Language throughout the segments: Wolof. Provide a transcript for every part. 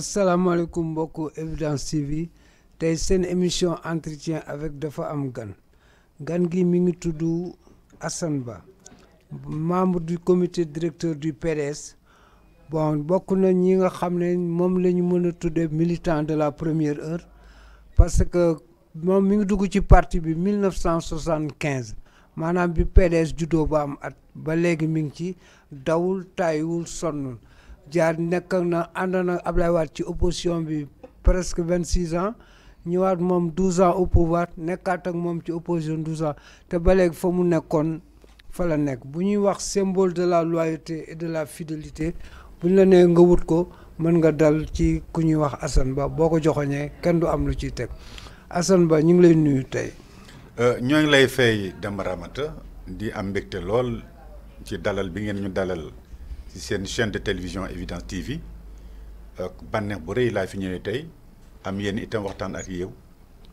asalaamaaleykum mbokku Evidence TV tey seen émission entretien avec dafa am gan gan gi mi ngi tudd Assane Ba membre du commité directeur du PDS bon bokk na ñi nga xam ne moom la ñu mën a tuddee militant de la première heure parce que moom mi ngi dugg ci parti bi 1975 maanaam bi PDS juddoo ba am at ba léegi mi ngi ci dawul tàyyiwul sonnul jaar nekk na ànd na Ablaye Wade ci opposition bi presque vingt six ans ñëwaat moom douze ans au pouvoir nekkaat ak moom ci opposition douze ans te ba léegi fa mu nekkoon fa la nekk bu ñuy wax symbole de la loyauté et de la fidélité bu ñu la nee nga wut ko mën nga dal ci ku ñuy wax Assane Ba boo ko joxoñee kenn du am lu ciy teg Assane Ba ñu ngi lay nuyu tey. Euh, ñoo ngi lay fay Demba di am mbégte lool. ci dalal bi ngeen ñu dalal ci seen chaîne de télévision Evidence TV euh, bànneex bu rëy laa fi ñëwee tey am yéen itam waxtaan ak yow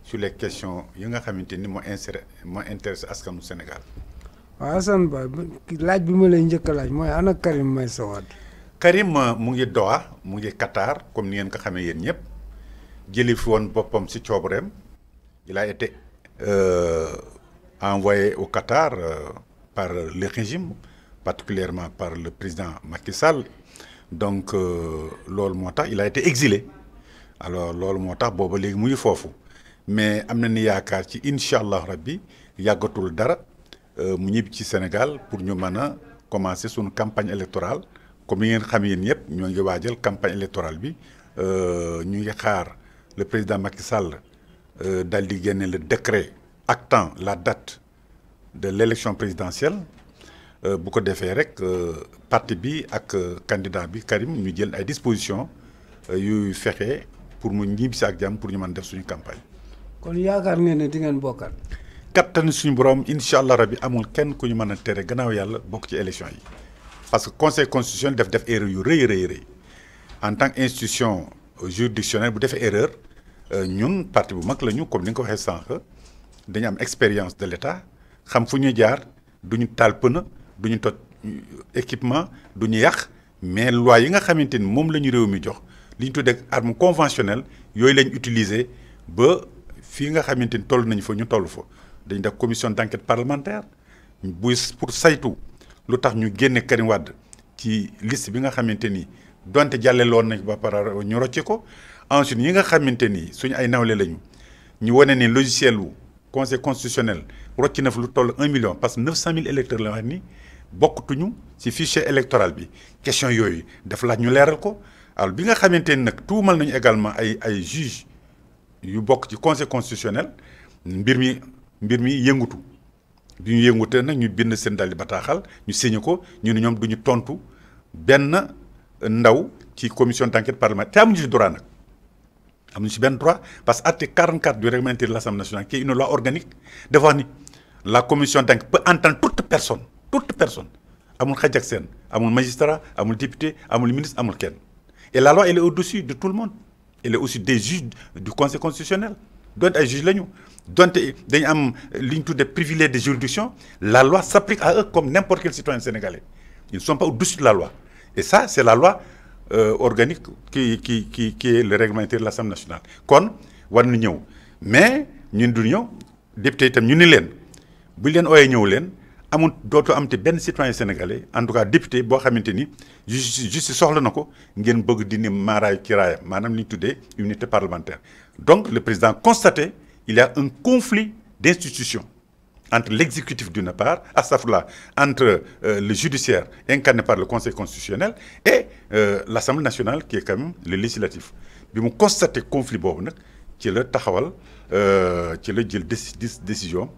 su les questions yi nga xamante ni moo inséré moo intéressé askanu Sénégal. waaw Assane Ba laaj bi ma lay njëkk laaj mooy ana Karim Meïssa Wade. Karim euh, mu ngi Doha mu ngi Qatar comme ni ngeen ko xamee yéen ñëpp jëli fi woon boppam si coobareem il a été euh, envoyé au Qatar par le régime. particulièrement par le président Macky Sall donc euh, loolu moo tax il a été exilé alors loolu moo tax booba léegi muy foofu mais am na ni yaakaar ci incha allah rabbi yàggatul dara euh, mu ñibbi ci Sénégal pour ñu mën a commencer suñu campagne électorale comme yi ngeen xam yéen yëpp ñoo ngi waajal campagne électorale bi euh, ñu ngi xaar le président Macky Sall dal di génne le décret actant la date de l'élection présidentielle Euh, bu ko defee rek euh, parti bi ak euh, candidat bi Karim ñu jël ay dispositions yuy fexe pour mu ñibbisi ak jàmm pour ñu mën def suñu campagne. kon yaakaar ngeen ne di ngeen bokkaat. kattan suñu borom incha allah rabi amul kenn ku ñu mën a tere gannaaw yàlla bokk ci élection yi parce que conseil constitutionnel def def erreur yu rëy rëy rëy en tant que institution juridictionnelle bu defee erreur ñun parti bu mag la ñu comme ni nga ko waxee sànq dañu am expérience de l' xam fu ñuy jaar duñu taal pëna du ñu toj équipement du ñu yàq mais loi yi nga xamante ni moom la ñu réew mi jox li ñu tuddee arme conventionnelle yooyu lañ utiliser ba fii nga xamante ni toll nañ fa ñu toll fa dañu def commission d'enquête parlementaire buy pour saytu lu tax ñu génne Karim wàdd ci liste bi nga xamante ni donte loon nañ ba pare ñu rocce ko ensuite ñi nga xamante ni suñu ay nawle lañu ñu wane ne logiciel wu conseil constitutionnel rocc na fa lu toll un million parce que la ni bokkatuñu ci fichier électoral bi question yooyu dafa laaj ñu leeral ko alors bi nga xamante ni nag tuumal nañu également ay ay juge yu bokk ci conseil constitutionnel mbir mi mbir mi yëngutu bi ñu nag ñu bind seen bataaxal ñu signé ko ñu ne ñoom du ñu tontu benn ndaw ci commission d'enquête parlementaire te amuñu ci droit nag amuñu ci benn droit parce que article 44 du règlement intérieur de l'Assemblée nationale organique dafa wax la commission d'enquête peut entendre toute personne toute personne amul xaj ak seen amul magistrat amul député amul ministre amul kenn et la loi elle est au de tout le monde elle est aussi des juges du conseil constitutionnel donte ay juges lañu donte dañu am li ñu tuddee privilège de juridiction la loi s'applique à eux comme n'importe quel citoyen sénégalais ils ne sont pas au-dessus de la loi et ça c'est la loi euh, organique qui qui qui qui est le règlement l'Assemblée nationale kon war na ñëw mais ñun du ñëw député itam ñu ni leen bu leen ooyee ñëw leen. amul dootoo am te benn citoyen sénégalais en tout cas député boo xamante ni justice soxla na ko ngeen bëgg dini ne maaraay maanaam li ñu tuddee unité parlementaire donc le président constaté il y a un conflit d'institutions entre l'exécutif d'une part astafurlah entre euh, le judiciaire incarné par le conseil constitutionnel et euh, l'assemblée nationale qui est quand même le législatif bi mu constaté conflit boobu nag ci la taxawal euh, ci la jël décision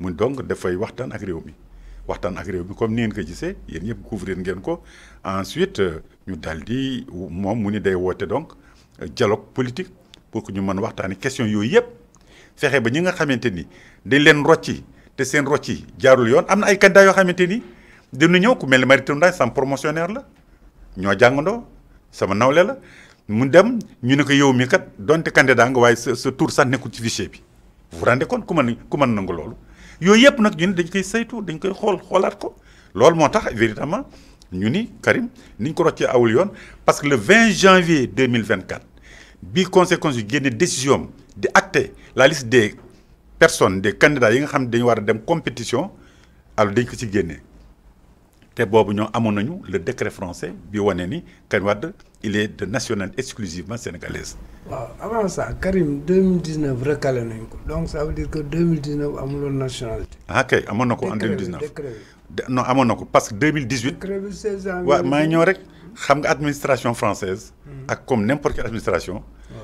mun donc dafay waxtaan ak réew mi waxtaan ak réew mi comme ni ngeen ko gisee yéen yëpp couvrir ngeen ko ensuite ñu daal di moom mu ni day woote donc euh, dialogue politique pour que ñu mën yi question yooyu yëpp fexe ba ñi nga xamante ni dañ leen rocci te seen rocci jaarul yoon am na ay candidats yoo xamante ni dina ñëw ku mel ni Mary Teuw Ndaye sam promotionnaire la ñoo jàngandoo sama nawle la mu dem ñu ne ko yow mi kat donte candidat nga waaye sa sa tur sax nekkul ci fichier bi vous rendez compte ku mën ku mën nangu loolu yooyu yëpp nag ñu ni dañ koy saytu dañ koy xool xoolaat ko loolu moo tax véritablement ñu ni Karim niñ ko ci awul yoon parce que le 20 janvier 2024 bi conséquence yu génne décision am di acté la liste des personne des candidats yi nga xam ne dañu war a dem compétition alors dañ ko ci génne te boobu ñoo amoon nañu le décret français bi wane ni Karim Wade il est de nationalité exclusivement sénégalaise. waaw avant ça Karim 2019 recalé ko donc ça veut dire que 2019 amuloon nationalité. ah kay amoon na ko en 2019 décret bi non amoon na ko parce que 2018. décret bi 16 ans waaw maa ñëw rek xam nga administration française ak comme n'importe quelle administration.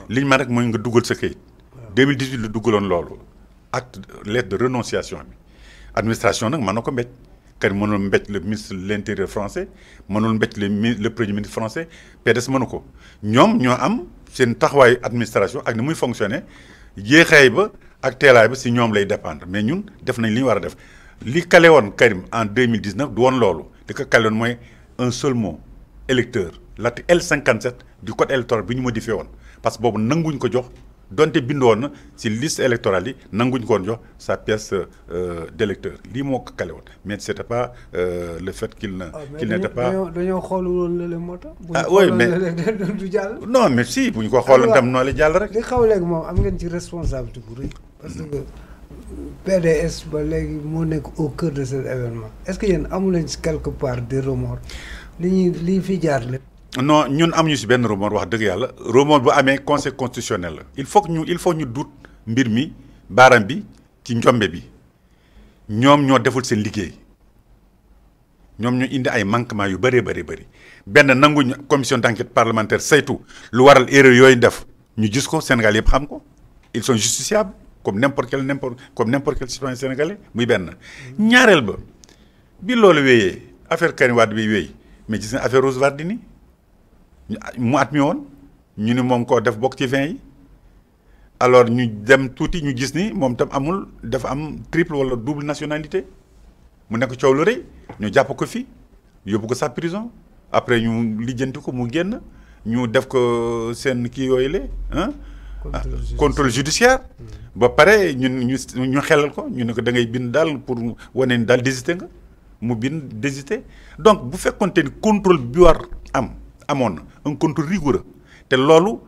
li ñu rek mooy nga dugal sa kayit. 2018 la dugaloon loolu. acte lettre de renonciation bi administration nag ma na ko mbéj. Karim mënul mbécc le ministre de l'intérieur français mënul mbécc le le premier ministre français PDS mënu ko ñoom ñoo am seen taxawaayu administration ak ni muy fonctionner yéexaay ba ak teelaay ba si ñoom lay dépendre mais ñun def nañ li ñu war a def li kale woon Karim en 2019 du woon loolu li ko kale mooy un seul mot électeur l'article L57 du code électoral bi ñu ma modifié woon parce que boobu nanguñ ko jox donte bindoon na si liste électorale yi nanguñ koon jox sa pièce euh, d'électeur lii moo ko woon mais et pas euh, le fait qu'il ne ah, qu'il n'était pas dañoo xoolu woon lële moo tax ah oui mais du jàll non mais si bu ñu ko xooloon tam noo la jàll rek li xaw léegi moom am ngeen ci responsabilité bu rëy parce que PDS ba léegi moo nekk au cœur de cet événement est-ce que yéen amu leen si quelque part des remords li ñuy li fi jaar lépp non ñun amuñu si benn remords wax dëgg yàlla remords bu amee conseil constitutionnel la il faut ñu il faut ñu duut mbir mi baaram bi ci njombe bi ñoom ñoo deful seen liggéey ñoom ñu indi ay manquement yu bëree bëri bëri benn nanguñu commission d'enquête parlementaire saytu lu waral erreur yooyu def ñu gis ko Sénégal yëpp xam ko il sont justiciables comme n'importe quel n'importe comme n'importe quel citoyen sénégalais muy benn ñaareel ba bi loolu wéyee affaire bi wéy mais gis nga affaire Rose mu admis woon ñu ni moom koo def bokk ci vingt yi alors ñu dem tuuti ñu gis ni moom tam amul dafa am triple wala double nationalité mu nekk coow lu rëy ñu jàpp ko fii yóbbu ko sax prison après ñu lijjanti ko mu génn ñu def ko seen kii yooyu le ah, contrôle judiciaire hmm. ba pare ñun ñu ñu xelal ko ñu ne ko da ngay bind daal pour wane ni daal désisté nga mu bind désisté donc bu fekkoonte ni contrôle bi war am amoon na un contrôle rigoureux te loolu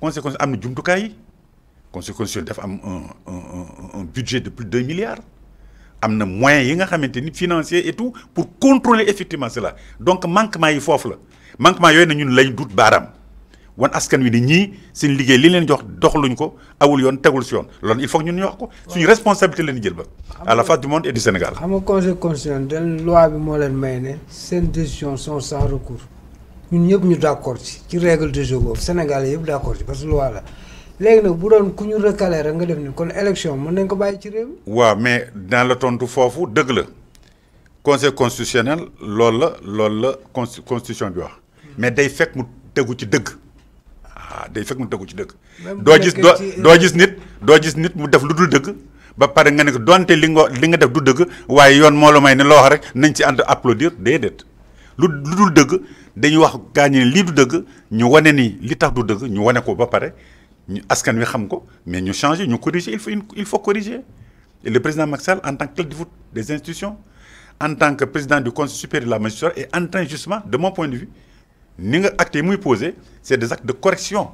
conséquence am na jumtukaay yi conséquence dafa am un un un budget de plus deux milliards am na moyens yi nga xamante ni financier et tout pour contrôler effectivement cela donc manquement yi foofu la manquement yooyu na ñun lañ dut baaraam wan askan wi ni ñii seen liggéey li leen jox dox luñ ko awul yoon tegul si yoon loolu il faut ñun ñu wax ko. suñu responsabilité leen jël ba. à la face du monde et du Sénégal. xam nga leen may ne seen décision sans recours. ñun ñëpp ñu d'accord ci ci règle de jeu boobu Sénégalais yëpp d'accord ci parce que loi la léegi nag bu doon ku ñu recalé rek nga def ni kon élection mën nañ ko bàyyi ci réew mi. mais dans la tontu foofu dëgg la conseil constitutionnel lool la loolu la constitution bi wax. mais day fekk mu tegu ci dëgg. ah day fekk mu tegu ci dëgg. doo gis doo gis nit doo gis nit mu def lu dul dëgg. ba pare nga ne ko donte li nga li nga def du dëgg waaye yoon moo la may ne loo wax rek nañ ci ànd applaudir déedéet lu lu dëgg. dañu wax gaañi lii du dëgg ñu wane ni li tax du dëgg ñu wane ko ba pare ñu askan wi xam ko mais ñu changer ñu corriger il faut il faut corriger et le président Macky en tant que clé de voûte des institutions en tant que président du conseil supérieur de la magistrature est en train justement de mon point de vue ni nga acte yi muy posé c'est des actes de correction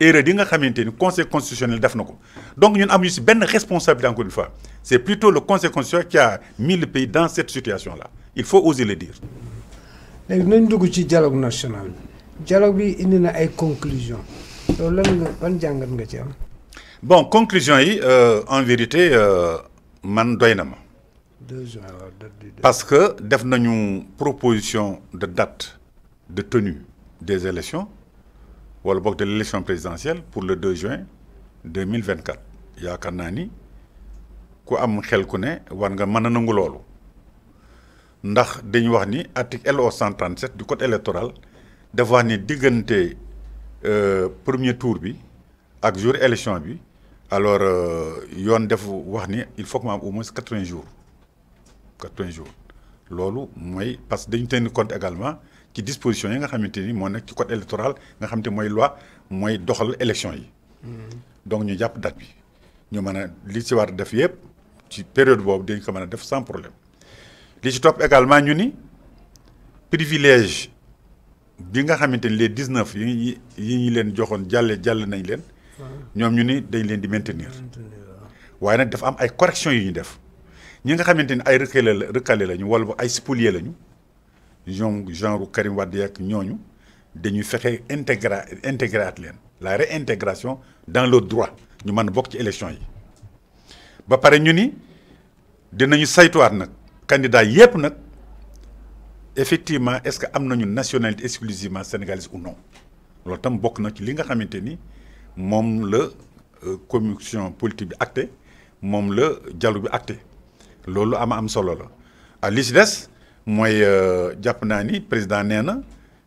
erreur yi nga xamante ni conseil constitutionnel def na ko donc ñun amuñu ci benn responsabilité encore une fois c'est plutôt le conseil constitutionnel qui a mis le léegi nañ dugg ci dialogue national bi dialogue bi indi na ay conclusion loolu lan nga ban jàngat nga ci am. bon conclusion yi euh, en vérité euh, man doy na ma. parce que def nañu proposition de date de tenue des élections wala boog de l'élection présidentielle pour le 2 juin 2024 yaakaar naa ni ku am xel ku ne war nga mën a nangu loolu. ndax dañu wax ni article LO 137 du code électoral dafa wax ni diggante euh, premier tour bi ak jour élection bi alors euh, yoon def wax ni il faut que au moins quatre-vingts jours jours loolu mooy parce que dañu tenir compte également ci disposition yi nga xamante ni moo nekk ci code électoral nga xamante mooy loi mooy doxal élection yi. Mm-hmm. donc ñu jàpp date bi. ñu mën a li si war def yëpp ci période boobu dañ ko mën a def sans problème. li ci topp également ñu ni privilège bi nga xamante ni les 19 yi yi ñu leen joxoon jàlle jàll nañ leen ñoom ñu ni dañ leen di maintenir waaye nag dafa am ay correction yu ñu def ñi nga xamante ni ay recalé la recalé lañu wala ay spolié lañu ñoom genre Karim Wade yeeg ñooñu dañuy fexe intégra integrate leen la réintégration dans le droit ñu mën a bokk ci élection yi ba pare ñu ni dinañu saytuwaat nag candidat yépp nag effectivement est-ce que am nañu nationalité exclusivement sénégalaise ou non loolu tam bokk na ci li nga xamante ni moom la euh, commission politique bi acté moom la dialogue bi acté loolu am am solo la ah li ci des mooy euh, jàpp naa ni président nee na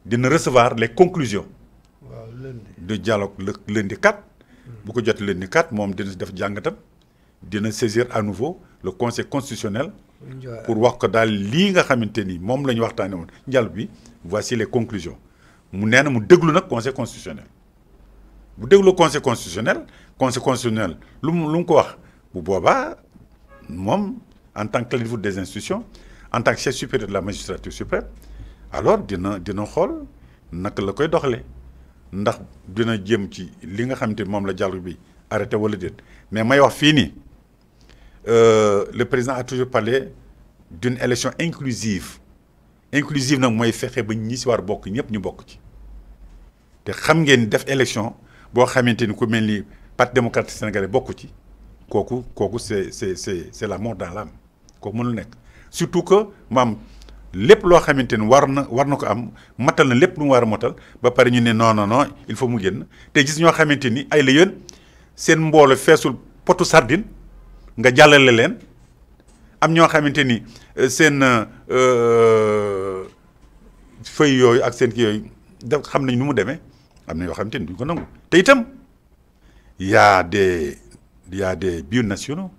dina recevoir les de du la leen di 4 bu ko jot leen lundi 4 moom dina def jàngatam dina saisir à nouveau le conseil constitutionnel pour wax ko daal lii nga xamante ni moom la ñu waxtaane woon njàll bi voici les conclusion mu nee na mu déglu nag conseil constitutionnel bu déglu conseil constitutionnel conseil constitutionnel lu mu lu mu ko wax bu boobaa moom en tant que clé de voûte des institutions en tant que chef supérieur de la magistrature suprême alors dina dina xool naka la koy doxalee ndax dina jëm ci li nga xamante ni moom la jàll bi arrêté wala déet mais may wax fii nii. euh, le président a toujours parlé d'une élection inclusive inclusive nag mooy fexe ba ñi si war bokk ñëpp ñu bokk ci te xam ngeen def élection boo xamante ni ku mel ni parti démocratique sénégalais bokk ci kooku kooku c'est c'est c'est c'est la mort dans l'âme kooku mënul nekk surtout que mu am lépp loo xamante ni war na war na ko am matal na lépp lu mu war a motal ba pare ñu ne non non il faut mu génn te gis ñoo xamante ni ay la yéen seen mboolo feesul potu sardine nga jàllale leen am ñoo xamante ni euh, seen euh, feuille yooyu ak seen ki yooyu def xam nañ nu mu demee am na yoo xamante ni duñ ko nangu te itam yaa a des y a des binationaux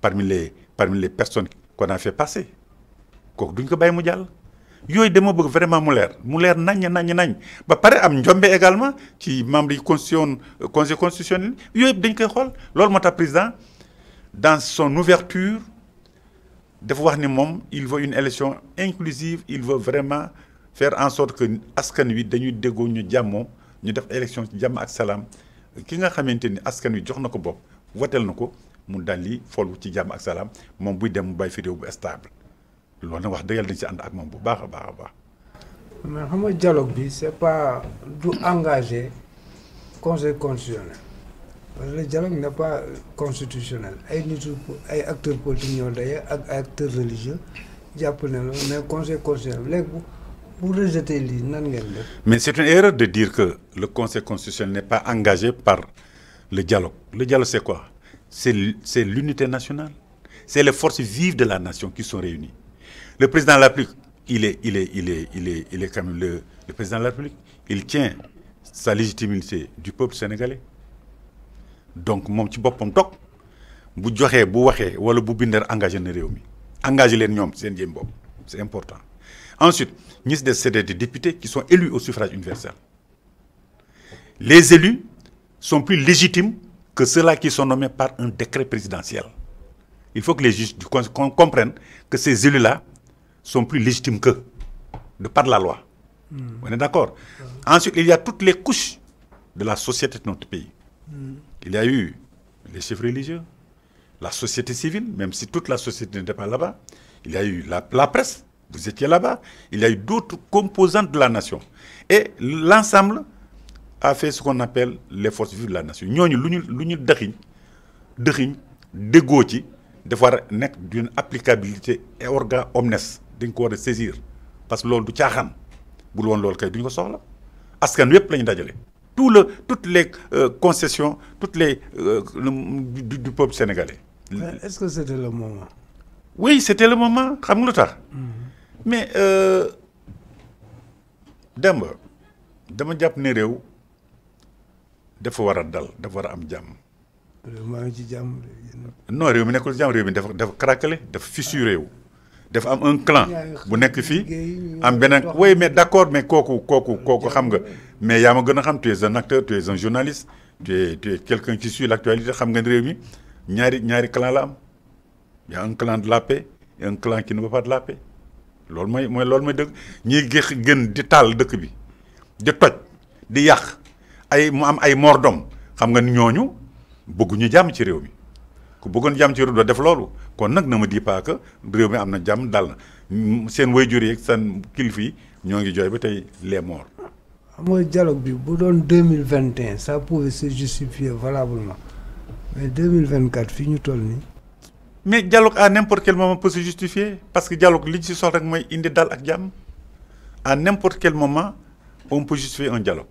par les parmi les personnes qu'on a fait passer kooku duñ ko bàyyi mu jàll. yooyu dama bëgg vraiment mu leer mu leer naññ naññ nañ ba pare am njombe également ci membre yi constitution conseil constitutionnel yooyu dañ koy xool loolu moo tax président. dans son ouverture dafa wax ni moom il veut une élection inclusive il veut vraiment faire en sorte que askan wi dañuy déggoo ñu jàmmoo ñu def élection ci jàmm ak salaam ki nga xamante ni askan wi jox na ko bopp woteel na ko mu dal di folu ci jàmm ak salaam moom buy dem mu bàyyi fi réew bu stable loolu nag wax dëgg yàlla dañ ci ànd ak moom bu baax a baax a baax. mais xam nga dialogue bi c'est pas du engagé conseil constitutionnel. parce que le dialogue n'est pas constitutionnel ay nitu ay acteurs politiques ñoo daje ak ay acteurs religieux jàpp la mais conseil constitutionnel léegi bu bu rejeter lii nan ngeen def. mais c'est une erreur de dire que le conseil constitutionnel n'est pas engagé par le dialogue le dialogue c'est quoi c'est c'est l'unité nationale c'est les forces vives de la nation qui sont réunies le président de la République il est il est il est il est il quand le le président de la République il tient sa légitimité du peuple sénégalais donc moom ci boppam toog bu joxee bu waxee wala bu bindeer engage na réew mi engage leen ñoom seen jëm bopp c'est important ensuite ñi si des c'est des députés qui sont élus au suffrage universel les élus sont plus légitimes que ceux-là qui sont nommés par un décret présidentiel il faut que les juges comprennent que ces élus-là sont plus légitimes que de par la loi mmh. on est d'accord ensuite il y a toutes les couches de la société de notre pays hmm. Il y eu les chefs religieux, la société civile, même si toute la société n'était pas là-bas. Il y a eu la, la presse, vous étiez là-bas. Il y a eu d'autres composantes de la nation. Et l'ensemble a fait ce qu'on appelle les forces de la nation. ñooñu lu ñu lu ñu dëxiñ dëxiñ déggoo ci dafa nekk du nekk d'une applicabilité et orga omnes dañ ko war a saisir parce que loolu du caaxaan bul woon loolu kay duñ ko soxla askan wépp la ñu dajale. tout le toutes les euh, concessions toutes les euh, du du peuple sénégalais. mais est-ce que c'était le moment. oui c'était xam nga lu tax. Mm-hmm. mais euh, Demba dama jàpp ne réew dafa war a dal dafa war a am jàmm. réew maa ngi ci jàmm. non réew mi nekkul jàmm réew mi dafa dafa craquelé dafa fissuré réew dafa am un clan bu nekk fii am beneen oui mais d'accord mais kooku kooku kooku xam nga. mais yaa ma gën a xam tu es un acteur tu es un journaliste tu es tu es quelqu'un qui suit l'actualité xam nga réew mi ñaari ñaari clan la am y a un clan de la paix et un clan qui ne veut pas de la paix loolu mooy mooy loolu mooy dëgg ñiy géex gën di taal dëkk bi di toj di yàq ay mu am ay mordom xam nga ni ñooñu bëgguñu jàmm ci réew mi ku bëggoon jàmm ci réew doo def loolu kon nag na ma di pas que réew mi am na jàmm dal na seen waajur yi ak seen kilifa yi ñoo ngi jooy ba tey les morts xam nga bi bu doon deux mille vingt et un ça pouvait se justifier valablement mais deux mille vingt quatre fii ñu toll nii. mais dialogue à n'importe quel moment peut se justifier parce que dialogue li ñu si soxla rek mooy indi dal ak jàmm à n'importe quel moment on peut justifier un dialogue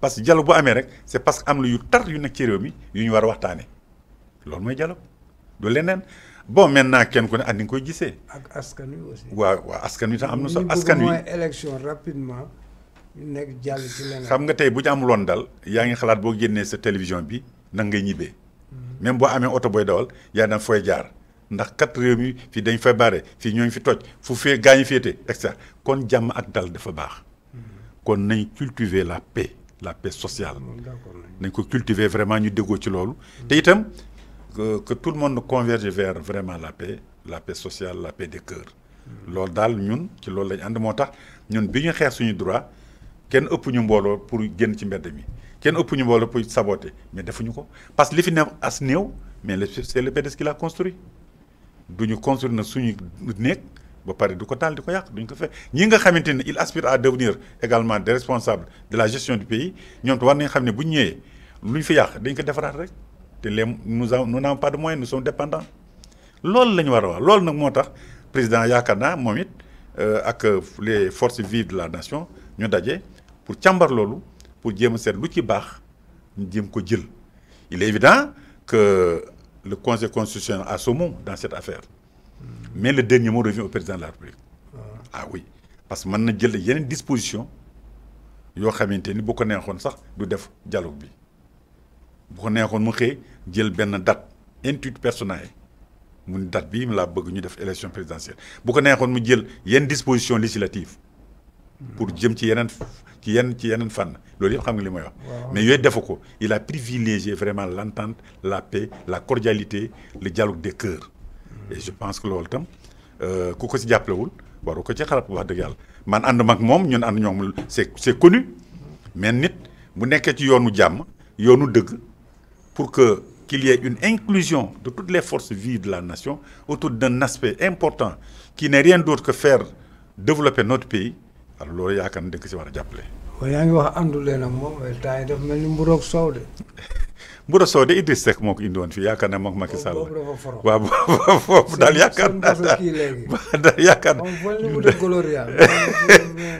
parce que dialogue bu amee rek c'est parce que am na yu tar yu nekk ci réew mi yu ñu war a waxtaanee loolu mooy dialogue du leneen bon maintenant kenn ku ne ak ni nga koy gisee. ak askan wi aussi. waaw waaw askan wi tam am na. solo askan wi élection rapidement. nekk jàll ci leneen xam nga tey bu ñu amuloon dal yaa ngi xalaat boo génnee sa télévision bi nan ngay ñibbee. Mm-hmm. même boo amee oto booy dawal yaa daan fooy jaar ndax kat réew mi fii dañ fa bare fii ñooñ fi toj fu fee gaañu féete et cetera kon jàmm ak dal dafa baax. Mm-hmm. kon nañ cultiver la paix la paix sociale. Mm-hmm. nañ ko cultiver vraiment ñu déggoo ci loolu. te itam que tout le monde converge vers vraiment la paix la paix sociale la paix des cœurs. loolu daal ñun ci loolu lañ ànd moo tax ñun bi ñu xeex suñu droit. kenn ëpp ñu mbooloo pour génn ci mbedd mi kenn ëpp ñu mbooloo pour saboter mais defuñu ko parce que li fi ne as néew mais le c'est le PDS qui l'a construit du ñu construire na suñu nekk ba pare du ko taal di ko yàq duñ ko fekk ñi nga xamante ne il aspire à devenir également des responsables de la gestion du pays ñoom war nañ xam ne bu ñëwee lu ñu fi yàq dañ ko defaraat rek te les nous avons nous n'avons pas de moyens nous sommes dépendants loolu la ñu war a wax loolu nag moo tax président yaakaar naa moom it euh, ak les forces vives de la nation ñu daje. pour càmbar loolu pour jéem a seet lu ci baax ñu jéem ko jël il est évident que le conseil constitutionnel a son mot dans cette affaire hmm. mais le dernier mot revient au président de la république ah. ah oui parce que mën na jël yeneen disposition yoo xamante ni bu ko neexoon sax du def dialogue bi bu ko neexoon mu xëy jël benn date intuit personnel mu ni date bii mu laa bëgg ñu def élection présidentielle bu ko neexoon mu jël yenn disposition législative pour jëm ci yeneen ci yenn ci yeneen fànn loolu yëpp xam nga li may wax. mais yooyu defu ko il a privilégié vraiment l'entente la paix la cordialité le dialogue des cœurs. et je pense que loolu tam euh, ku ko si jàppalewul waru ko ci xalaat wax dëgg yàlla man ànd mag moom ñun ànd ñoom c'est c'est connu mais nit bu nekkee ci yoonu jàmm yoonu dëgg pour que qu'il y une inclusion de toutes les forces vives de la nation autour d'un aspect important qui n'est rien d'autre que faire développer notre alors loolu yaakaar na dëkk si war a jàppale. yaa ngi wax àndu leen ak moom waaye temps yi dafa mel ni mburoog soow de. mburoog soow de Idriss Seck moo fii yaakaar na moom Macky Sall. waaw boobu foofu daal yaakaar naa daal yaakaar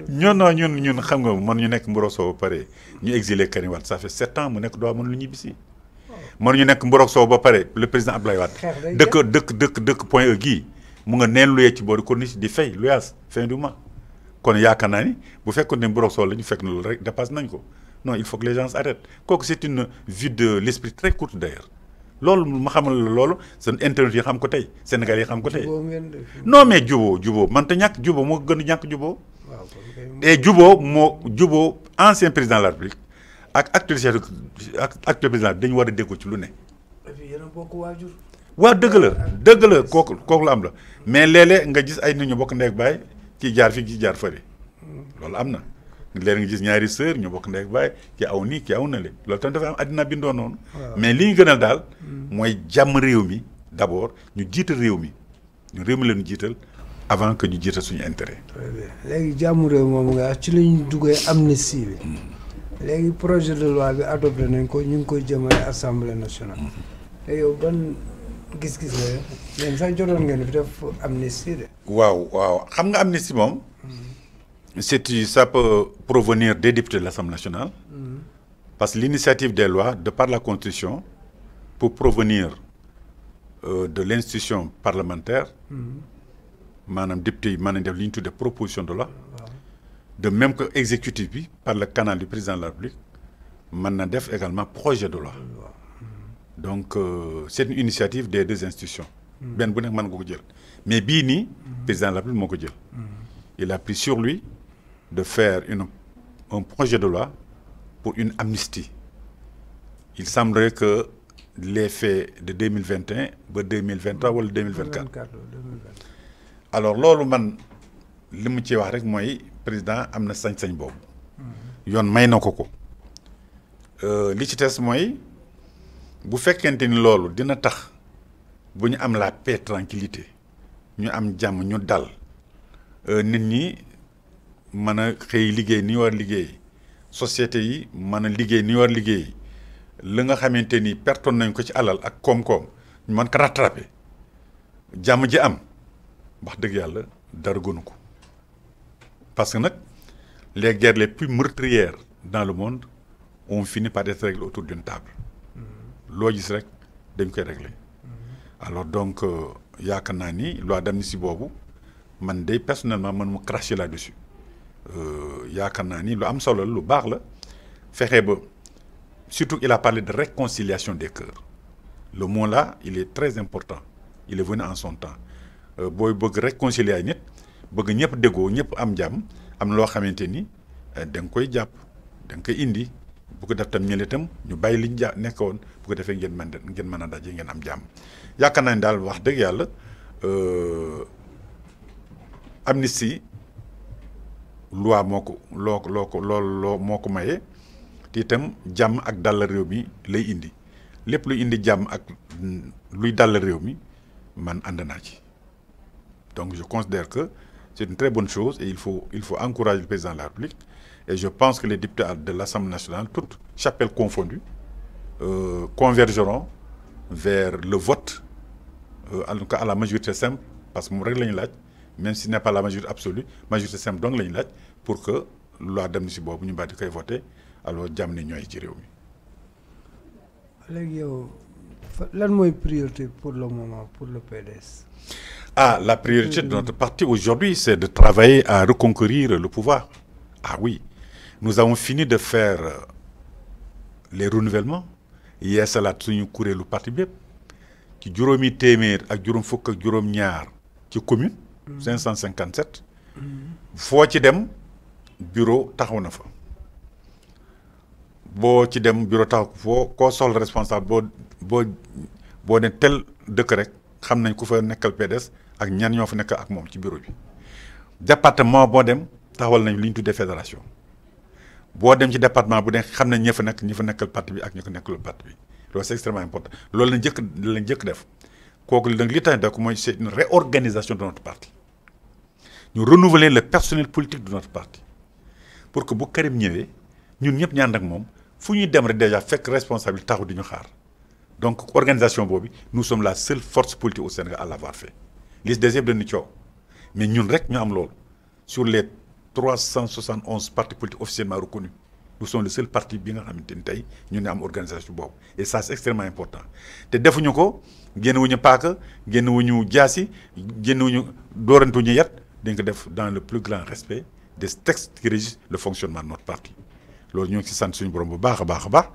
ñun ñoon ñun ñun xam nga man ñu nekk mburoog soow ba pare ñu exilé Karim Wade ça fait ans mu nekk doo mën lu ñibbisi. mën ñu nekk mburoog soow ba pare le président Abdoulaye Wade dëkk dëkk dëkk dëkk point E gii mu nga neen luyee ci boori corniche di fay luyaas fin du mois kon yaakaar naa ni bu fekkoon ne Mboro Sow la ñu fekk na loolu rek dépasse nañ ko non il faut que les gens arrêtent kooku c' est une vue de l' esprit très courte d' ailleurs loolu ma xamal la loolu seen internet yi xam ko tey Sénégal yi xam ko tey. non mais juboo juboo man te ñàkk juboo moo gën a ñàkk juboo. et juboo moo juboo ancien président la République ak actuel chef ak actuel président dañu war a déggoo ci lu ne. waa dëgg la dëgg la kooku kooku la am la mais léeg nga gis ay nit ñu bokk ndeeg baay kii jaar fi kii jaar fële loolu am na léeg nga gis ñaari sœur ñu bokk ndek baay ki aw nii ki aw na le loolu tam dafa am àddina bindoo noonu mais li ñu gënal daal mm. mooy jàmm réew mi d'abord ñu jiital réew mi ñu réew mi la jiital avant que ñu jiital suñu intérêt léegi jàmm réew moom nga ci la ñu duggee amnistie bi mm. léegi projet de loi bi adopté nañ ko ñu ngi koy jëmale assemblée nationale mm. te yow ban gis-gis la yéen sax jotoon def amnistie de. waaw waaw xam nga amnistie moom. Hmm. c'est ça peut provenir des députés de l'Assemblée nationale. Hmm. parce que l'initiative des lois de par la constitution pour provenir euh, de l'institution parlementaire. Hmm. maanaam député yi mën nañ def li ñu tuddee proposition de loi. de même que exécutif bi par le canal du président de la République mën na def également projet de loi. donc euh, c' une initiative des deux institutions. Hmm. benn bu nekk mën nga ko jël mais bii nii. Hmm. président de la République moo ko jël. Hmm. il a pris sur lui de faire une un projet de loi pour une amnistie il rek que les faits de deux mille vingt et ba deux mille vingt trois wala deux mille vingt quatre alors loolu man li mu ci wax rek mooy président am na sañ-sañ boobu. yoon may na ko ko. Euh, li ci test mooy. bu fekkente ni loolu dina tax bu ñu am la paix tranquillité ñu am jàmm ñu dal euh, nit ñi mën a xëy liggéey ni war liggéey société yi mën a liggéey ni war liggéey li nga xamante ni perton nañ ko ci alal ak koom-koom ñu mën ko rattraper jàmm ji am wax dëgg yàlla dara gënu ko parce que nag les guerres les plus meurtrières dans le monde ont fini par être réglées autour d'une table loo gis rek dañ koy régler alors donc euh, yaakaar naa ni loi d'amnistie boobu man day personnellement man mu cracher là-dessus euh, yaakaar naa ni lu am solo lu baax la fexe ba surtout il a parlé de réconciliation des cœurs le mot là il est très important il est venu en son temps euh, booy bëgg réconcilier ay nit bëgg ñëpp déggoo ñëpp am jàmm am loo xamante ni da nga koy jàpp danga koy indi. bu ko def tam ñële itam ñu bàyyi liñ ja nekkoon bu ko defee ngeen mën ngeen mën a daje ngeen am jàmm yaakaar naa ne daal wax dëgg yàlla euh, amnistie loi moo ko loo loo ko lool loo moo ko maye te itam jàmm ak dal réew mi lay indi lépp luy indi jàmm ak luy dal réew mi man ànd naa ci donc je considère que c'est une très bonne chose il faut il faut encourage le président de la République Et je pense que les députés de l'Assemblée nationale, toutes chapelles confondues, euh, convergeront vers le vote, euh, en tout cas à la majorité simple, parce que mon règle est même s'il n'est pas la majorité absolue, majorité simple donc lañ laaj pour que loi d'amnistie boobu ñu baal di koy voté alors jàmm ne ñooy ci réew mi. léegi yow lan mooy priorité pour le moment pour le PDS. ah la priorité de notre parti aujourd'hui c'est de travailler à reconquérir le pouvoir ah nous avons fini de faire euh, les renouvellements yeesalaat suñu kuréelu parti bépp ci juróomi téeméer ak juróom fukk ak juróom ñaar ci commune. Mm. foo ci dem bureau taxaw na fa. boo ci dem bureau taxaw foo koo soxla responsable boo boo boo ne tel dëkk rek xam nañ ku fa nekkal PDS ak ñan ñoo fa nekk ak moom ci bureau bi département boo dem taxawal nañ li ñu tuddee fédération. boo dem ci département bu ne xam nañ ñi fa nekk ñi nekkal parti bi ak ñi ko nekkul parti bi loolu c'est extrêmement important loolu lañ jëkk lañ jëkk def kooku nag li tax ko mooy c'est une réorganisation de notre parti ñu renouveler le personnel politique de notre parti pour que bu Karim ñëwee ñun ñëpp ñu ànd ak moom fu ñuy dem rek déjà fekk responsable taxu di ñu xaar donc organisation boobu nous sommes la seule force politique au Sénégal à l'avoir fait li des yëpp ñun rek ñu am loolu sur les cent 371 partis politiques officiellement reconnus. Nous sommes le seul parti bien ramené. Nous avons une organisation. Et ça, c'est extrêmement important. Et nous avons fait nous avons nous avons fait nous avons fait dans le plus grand respect des textes qui régissent le fonctionnement de notre parti. loolu ñoo ngi si sant suñu borom bu baax a baax a baax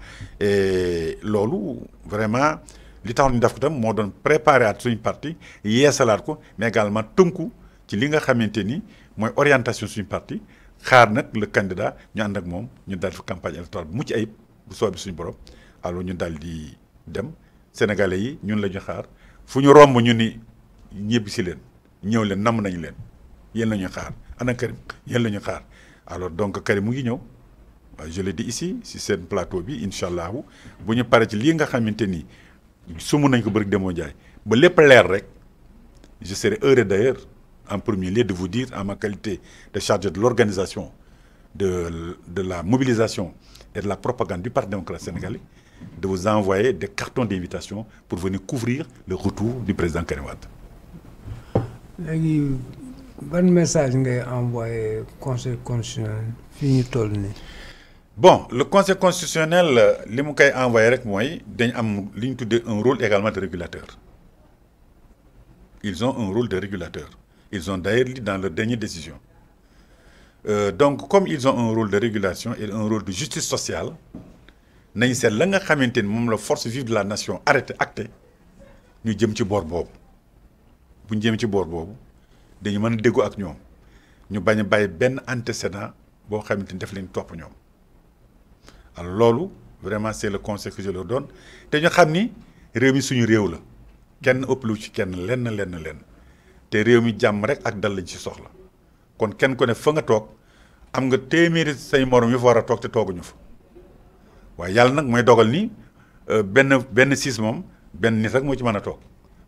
loolu vraiment li tax ñu def ko tam moo doon préparé at suñu parti yeesalaat ko mais également tënku. ci li nga xamante ni mooy orientation suñu parti xaar nag le candidat ñu ànd ak moom ñu daal fi campagne électorale bu mucc ayib bu soobee suñu borom alors ñu daal di dem sénégalais yi ñun la ñu xaar fu ñu romb ñu ni ñëbbi si leen ñëw leen namm nañu leen yéen nañu xaar ana Karim yéen la ñuy xaar alors donc Karim mu ngi ñëw je l'ai di ici si seen plateau bi incha allah bu ñu paree ci lii nga xamante ni sumu nañ ko bëri demoo jaay ba lépp leer rek je serai heureux en premier lieu de vous dire, en ma qualité de chargé de l'organisation, de, la mobilisation et de la propagande du Parti démocrate sénégalais, de vous envoyer des cartons d'invitation pour venir couvrir le retour du président Karim léegi ban message ngay envoyé conseil constitutionnel fii ñu toll nii. bon le conseil constitutionnel li mu koy envoyé rek mooy dañ am li ñu de un rôle également de régulateur ils ont un rôle de régulateur Ils ont d'ailleurs dit dans leur dernière décision. Euh, donc comme ils ont un rôle de régulation et un rôle de justice sociale nañ seet la nga xamante ni moom la force vive de la nation arrêté acte ñu jëm ci boor boobu bu ñu jëm ci boor boobu dañu mën a déggoo ak ñoom ñu bañ a bàyyi benn antécédent boo xamante ni daf leen topp ñoom alors loolu vraiment c'est le conseil que je leur donne te ñu xam ni réew mi suñu réew la kenn ëpp lu ci kenn lenn lenn lenn. te réew mi jàmm rek ak dal lañ ci soxla kon kenn ku ne fa nga toog am nga téeméeri say morom yu fa war a toog te tooguñu fa waaye yàlla nag mooy dogal ni euh, benn benn siis moom benn nit rek moo ci mën a toog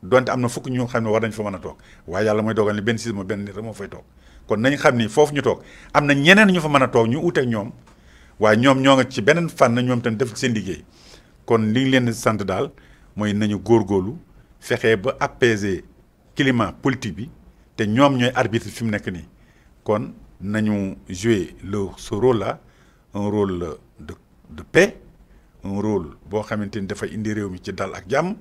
donte am na fukk ñu xam ne war nañ fa mën a toog waaye yàlla mooy dogal ni benn siis moom benn nit rek moo fay toog kon nañ xam ni foofu ñu toog am na ñeneen ñu fa mën a toog ñu uuteeg ñoom waaye ñoom ñoo nga ci beneen fànn ñoom tam def seen liggéey kon li ñu leen sant daal mooy nañu góorgóorlu fexe ba apaiser. climat politique bi te ñoom ñooy arbitre fi mu nekk nii kon nañu jouer le ce rôle là un rôle de de paix un rôle boo xamante ni dafay indi réew mi ci dal ak jàmm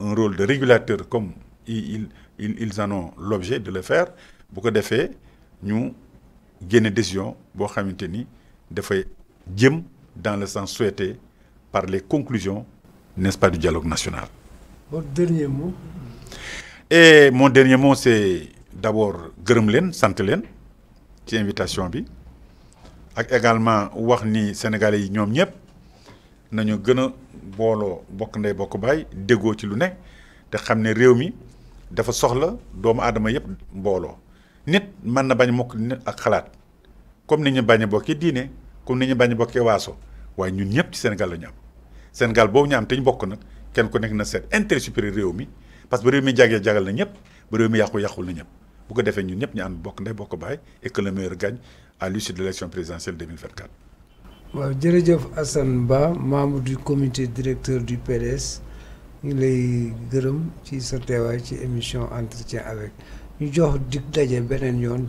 un rôle de régulateur comme il il ils en ont l'objet de le faire bu ko defee ñu génne décision boo xamante ni dafay jëm dans le sens souhaité par les conclusions n'est-ce pas du dialogue national. et mon dernier mot c'est d'abord gërëm leen sant leen ci invitation bi ak également wax ni sénégalais yi ñoom ñëpp nañu gën a booloo bokk ndey bokk baay déggoo ci lu ne te xam ne réew mi dafa soxla doomu adama yëpp mbooloo nit mën na bañ mokk nit ak xalaat comme ni ñu bañ a bokkee diine comme ni ñu bañ a bokkee waaso waaye ñun ñëpp ci Sénégal la ñu am Sénégal boobu ñu am te ñu bokk nag kenn ku nekk na seet intérêt supérieur réew mi parce que bu réew jagal na ñëpp bu réew mi yàqu yàqul na ñëpp bu ko defee ñun ñëpp ñu ànd bokk ndey bokk baay et que le meilleur à l'issue de l'élection présidentielle 2024. waaw jërëjëf Assane Ba membre du comité directeur du PDS ngi lay gërëm ci sa teewaay ci émission entretien avec ñu jox dig daje beneen yoon.